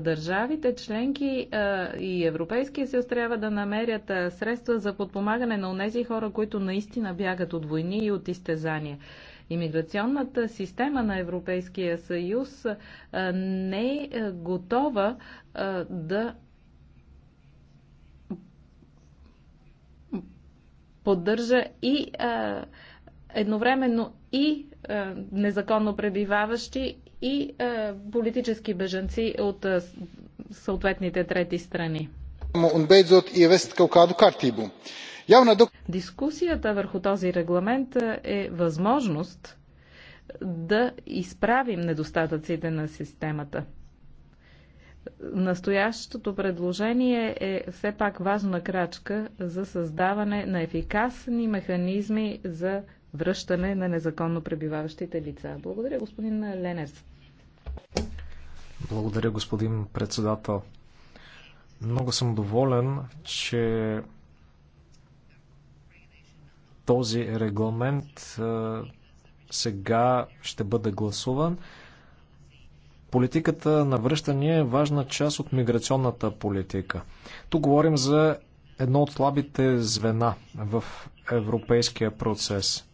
Държавите, членки и Европейския съюз трябва да намерят средства за подпомагане на тези хора, които наистина бягат от войни и от изтезания. Имиграционната система на Европейския съюз не е готова да поддържа и а, едновременно и а, незаконно пребиваващи, и а, политически бежанци от а, съответните трети страни. Дискусията върху този регламент е възможност да изправим недостатъците на системата. Настоящото предложение е все пак важна крачка за създаване на ефикасни механизми за връщане на незаконно пребиваващите лица. Благодаря, господин Ленец. Благодаря, господин председател. Много съм доволен, че този регламент сега ще бъде гласуван. Политиката на връщане е важна част от миграционната политика. Тук говорим за едно от слабите звена в европейския процес.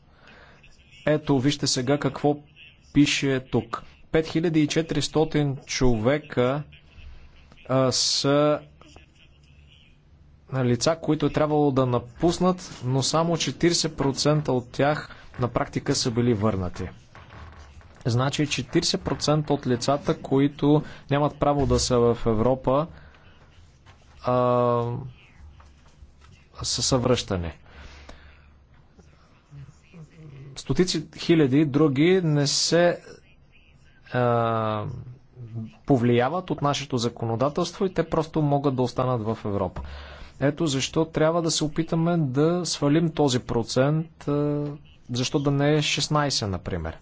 Ето, вижте сега какво пише тук. 5400 човека а, са лица, които е трябвало да напуснат, но само 40% от тях на практика са били върнати. Значи 40% от лицата, които нямат право да са в Европа, а, са съвръщани. Стотици хиляди други не се а, повлияват от нашето законодателство и те просто могат да останат в Европа. Ето защо трябва да се опитаме да свалим този процент, защо да не е 16, например.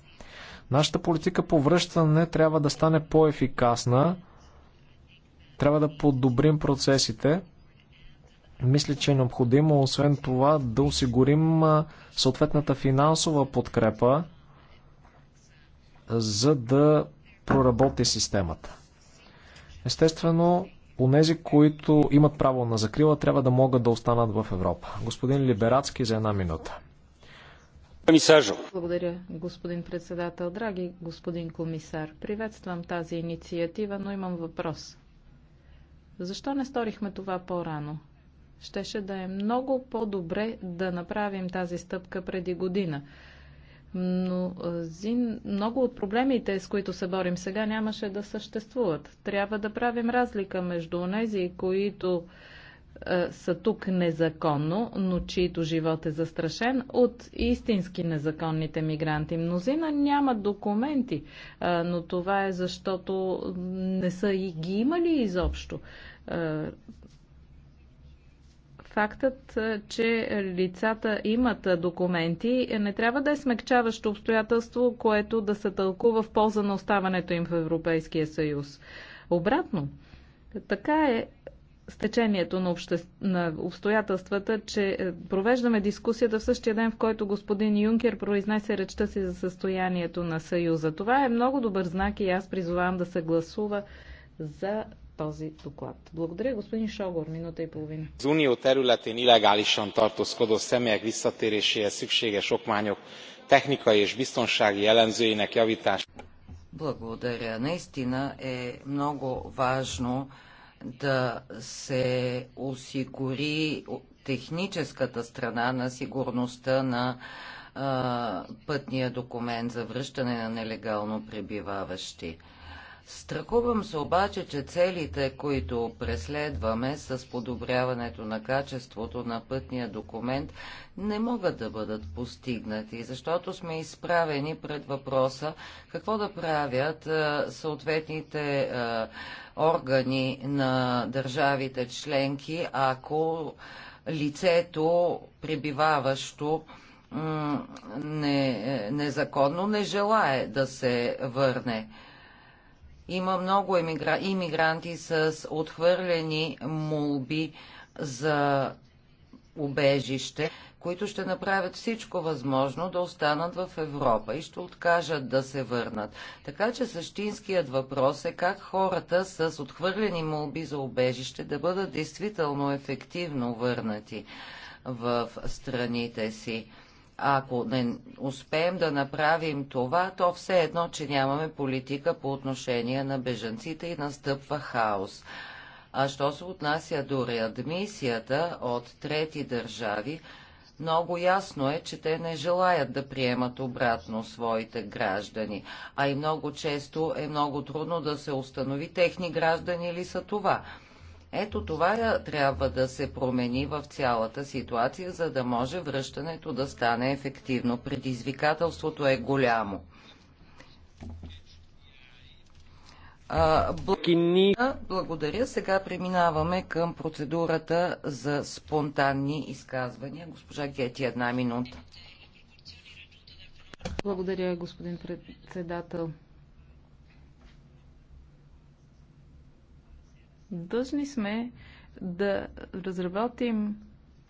Нашата политика по връщане трябва да стане по-ефикасна. Трябва да подобрим процесите. Мисля, че е необходимо, освен това, да осигурим съответната финансова подкрепа, за да проработи системата. Естествено, Онези, които имат право на закрила, трябва да могат да останат в Европа. Господин Либерацки за една минута. Благодаря, господин председател. Драги господин комисар, приветствам тази инициатива, но имам въпрос. Защо не сторихме това по-рано? Щеше да е много по-добре да направим тази стъпка преди година. Но зин, много от проблемите, с които се борим сега, нямаше да съществуват. Трябва да правим разлика между тези, които е, са тук незаконно, но чието живот е застрашен от истински незаконните мигранти. Мнозина нямат документи, е, но това е защото не са и ги имали изобщо. Е, фактът, че лицата имат документи, не трябва да е смягчаващо обстоятелство, което да се тълкува в полза на оставането им в Европейския съюз. Обратно, така е с течението на, обще... на обстоятелствата, че е, провеждаме дискусията в същия ден, в който господин Юнкер произнесе речта си за състоянието на Съюза. Това е много добър знак и аз призовавам да се гласува за този доклад. Благодаря, господин Шогор. Минута и половина. Az unió területén illegálisan tartózkodó személyek visszatéréséhez szükséges okmányok technikai és biztonsági jellemzőinek javítása. Благодаря. Наистина е много важно да се осигури техническата страна на сигурността на а, пътния документ за връщане на нелегално пребиваващи. Страхувам се обаче, че целите, които преследваме с подобряването на качеството на пътния документ, не могат да бъдат постигнати, защото сме изправени пред въпроса какво да правят съответните органи на държавите членки, ако лицето, пребиваващо не, незаконно, не желае да се върне. Има много емигра... иммигранти с отхвърлени молби за убежище които ще направят всичко възможно да останат в Европа и ще откажат да се върнат. Така че същинският въпрос е как хората с отхвърлени молби за убежище да бъдат действително ефективно върнати в страните си. Ако не успеем да направим това, то все едно, че нямаме политика по отношение на бежанците и настъпва хаос. А що се отнася до реадмисията от трети държави, много ясно е, че те не желаят да приемат обратно своите граждани, а и много често е много трудно да се установи техни граждани ли са това. Ето това е, трябва да се промени в цялата ситуация, за да може връщането да стане ефективно. Предизвикателството е голямо. Благодаря. Благодаря. Сега преминаваме към процедурата за спонтанни изказвания. Госпожа Гети, една минута. Благодаря, господин председател. Дължни сме да разработим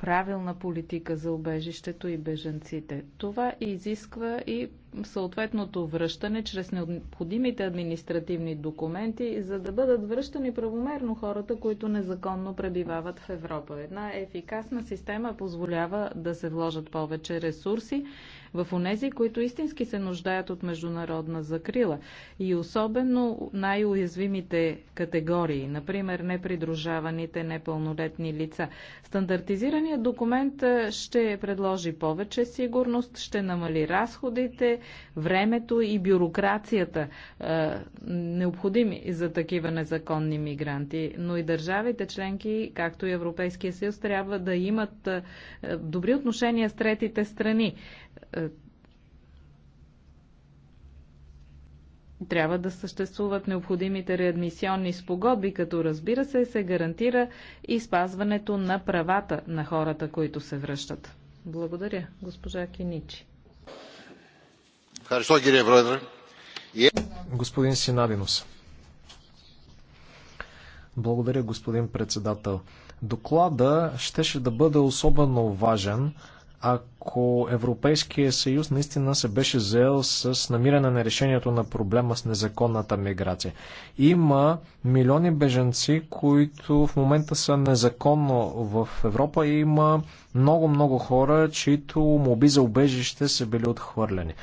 правилна политика за убежището и беженците. Това изисква и съответното връщане чрез необходимите административни документи, за да бъдат връщани правомерно хората, които незаконно пребивават в Европа. Една ефикасна система позволява да се вложат повече ресурси в онези, които истински се нуждаят от международна закрила и особено най-уязвимите категории, например непридружаваните непълнолетни лица. Стандартизираният документ ще предложи повече сигурност, ще намали разходите, времето и бюрокрацията, необходими за такива незаконни мигранти. Но и държавите членки, както и Европейския съюз, трябва да имат добри отношения с третите страни. Е, трябва да съществуват необходимите реадмисионни спогодби, като разбира се се гарантира и спазването на правата на хората, които се връщат. Благодаря, госпожа Киничи. Е- господин Синабинус. Благодаря, господин председател. Доклада щеше да бъде особено важен, ако Европейския съюз наистина се беше заел с намиране на решението на проблема с незаконната миграция. Има милиони беженци, които в момента са незаконно в Европа и има много-много хора, чието моби за убежище са били отхвърлени.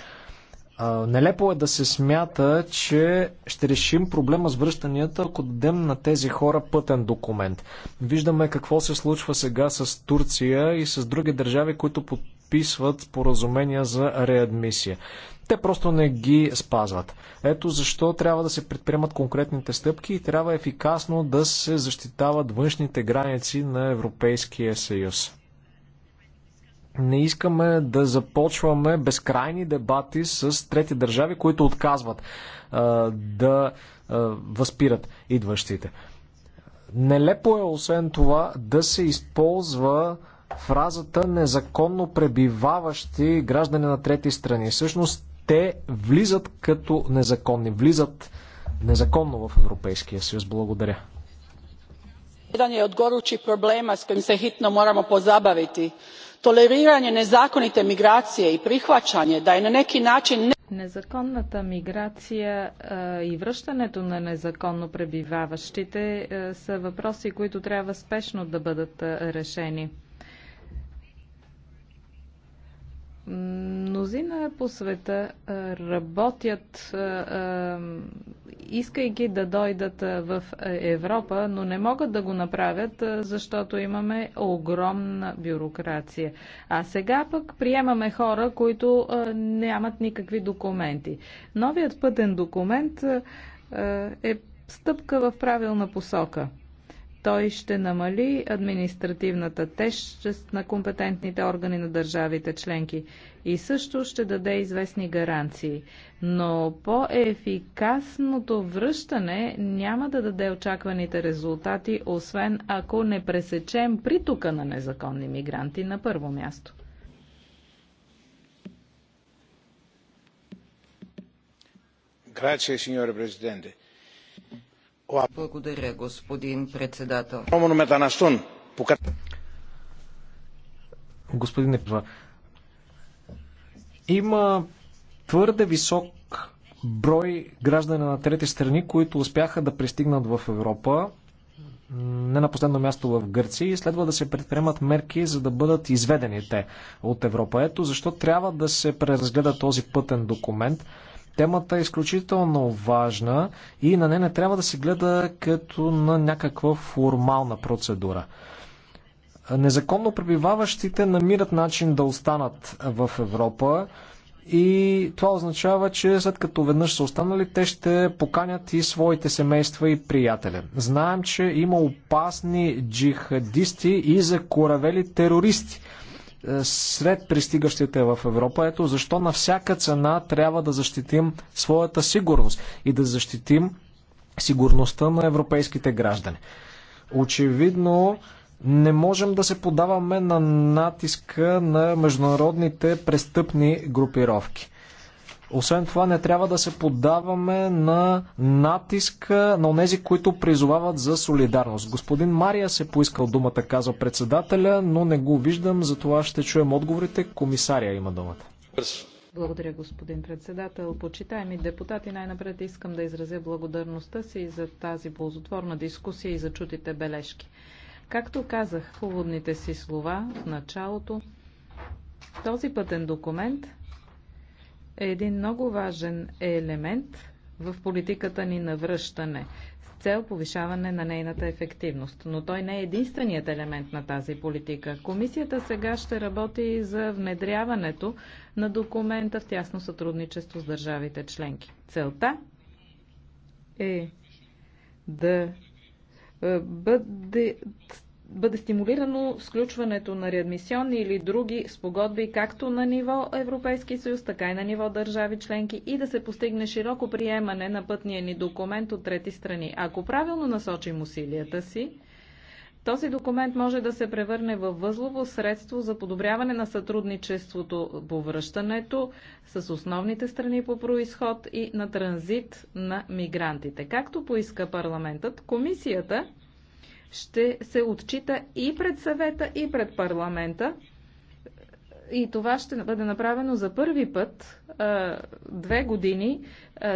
Нелепо е да се смята, че ще решим проблема с връщанията, ако дадем на тези хора пътен документ. Виждаме какво се случва сега с Турция и с други държави, които подписват поразумения за реадмисия. Те просто не ги спазват. Ето защо трябва да се предприемат конкретните стъпки и трябва ефикасно да се защитават външните граници на Европейския съюз не искаме да започваме безкрайни дебати с трети държави, които отказват а, да а, възпират идващите. Нелепо е освен това да се използва фразата незаконно пребиваващи граждани на трети страни. Всъщност те влизат като незаконни, влизат незаконно в Европейския съюз. Благодаря jedan je od gorućih problema s kojim se hitno moramo pozabaviti toleriranje nezakonite migracije i prihvaćanje da je на neki način Незаконната миграция а, и връщането на незаконно пребиваващите а, са въпроси, които трябва спешно да бъдат а, решени. Мнозина по света работят, искайки да дойдат в Европа, но не могат да го направят, защото имаме огромна бюрокрация. А сега пък приемаме хора, които нямат никакви документи. Новият пътен документ е стъпка в правилна посока – той ще намали административната тежест на компетентните органи на държавите членки и също ще даде известни гаранции. Но по-ефикасното връщане няма да даде очакваните резултати, освен ако не пресечем притока на незаконни мигранти на първо място. Grazie, signore Presidente. Благодаря, господин председател. Господин Епва, има твърде висок брой граждани на трети страни, които успяха да пристигнат в Европа, не на последно място в Гърция, и следва да се предприемат мерки, за да бъдат изведени те от Европа. Ето защо трябва да се преразгледа този пътен документ. Темата е изключително важна и на нея не трябва да се гледа като на някаква формална процедура. Незаконно пребиваващите намират начин да останат в Европа и това означава, че след като веднъж са останали, те ще поканят и своите семейства и приятели. Знаем, че има опасни джихадисти и закоравели терористи е, сред пристигащите в Европа. Ето защо на всяка цена трябва да защитим своята сигурност и да защитим сигурността на европейските граждани. Очевидно, не можем да се подаваме на натиска на международните престъпни групировки. Освен това, не трябва да се поддаваме на натиска на тези, които призовават за солидарност. Господин Мария се поискал думата, казва председателя, но не го виждам, затова ще чуем отговорите. Комисария има думата. Благодаря, господин председател. Почитаеми депутати, най-напред искам да изразя благодарността си за тази ползотворна дискусия и за чутите бележки. Както казах в уводните си слова в началото, този пътен документ – е един много важен елемент в политиката ни на връщане с цел повишаване на нейната ефективност. Но той не е единственият елемент на тази политика. Комисията сега ще работи и за внедряването на документа в тясно сътрудничество с държавите членки. Целта е да е, бъде бъде стимулирано сключването на реадмисионни или други спогодби както на ниво Европейски съюз, така и на ниво държави членки и да се постигне широко приемане на пътния ни документ от трети страни. Ако правилно насочим усилията си, този документ може да се превърне във възлово средство за подобряване на сътрудничеството по връщането с основните страни по происход и на транзит на мигрантите. Както поиска парламентът, комисията ще се отчита и пред съвета, и пред парламента. И това ще бъде направено за първи път две години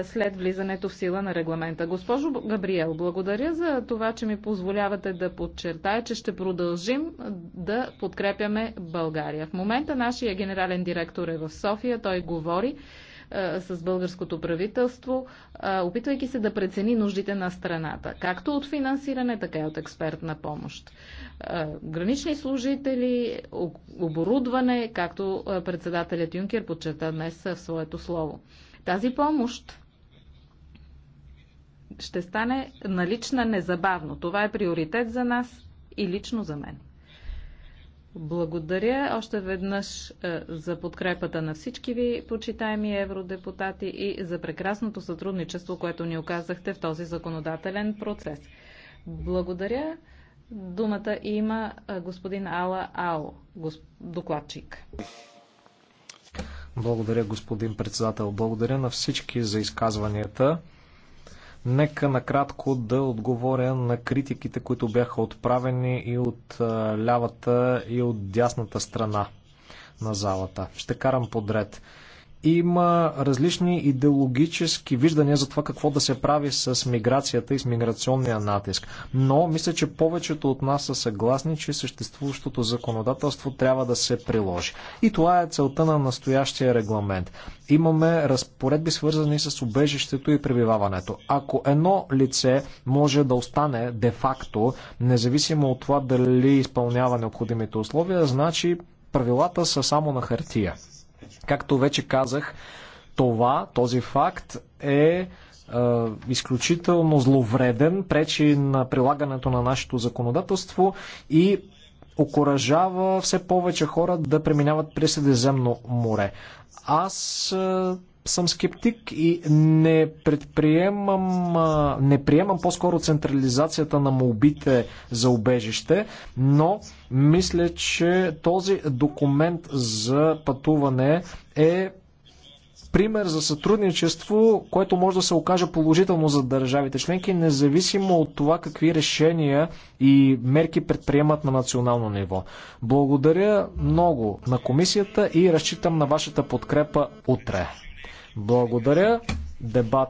след влизането в сила на регламента. Госпожо Габриел, благодаря за това, че ми позволявате да подчертая, че ще продължим да подкрепяме България. В момента нашия генерален директор е в София, той говори с българското правителство, опитвайки се да прецени нуждите на страната, както от финансиране, така и от експертна помощ. Гранични служители, оборудване, както председателят Юнкер подчерта днес в своето слово. Тази помощ ще стане налична незабавно. Това е приоритет за нас и лично за мен. Благодаря още веднъж е, за подкрепата на всички ви, почитаеми евродепутати, и за прекрасното сътрудничество, което ни оказахте в този законодателен процес. Благодаря. Думата има е, господин Ала Ао, докладчик. Благодаря, господин председател. Благодаря на всички за изказванията. Нека накратко да отговоря на критиките, които бяха отправени и от лявата, и от дясната страна на залата. Ще карам подред има различни идеологически виждания за това какво да се прави с миграцията и с миграционния натиск. Но мисля, че повечето от нас са съгласни, че съществуващото законодателство трябва да се приложи. И това е целта на настоящия регламент. Имаме разпоредби свързани с убежището и пребиваването. Ако едно лице може да остане де-факто, независимо от това дали изпълнява необходимите условия, значи правилата са само на хартия. Както вече казах, това, този факт е, е изключително зловреден, пречи на прилагането на нашето законодателство и окоръжава все повече хора да преминават през Средиземно море. Аз е, съм скептик и не предприемам, не приемам по-скоро централизацията на молбите за убежище, но мисля, че този документ за пътуване е пример за сътрудничество, което може да се окаже положително за държавите членки, независимо от това какви решения и мерки предприемат на национално ниво. Благодаря много на комисията и разчитам на вашата подкрепа утре. Благодаря. Дебат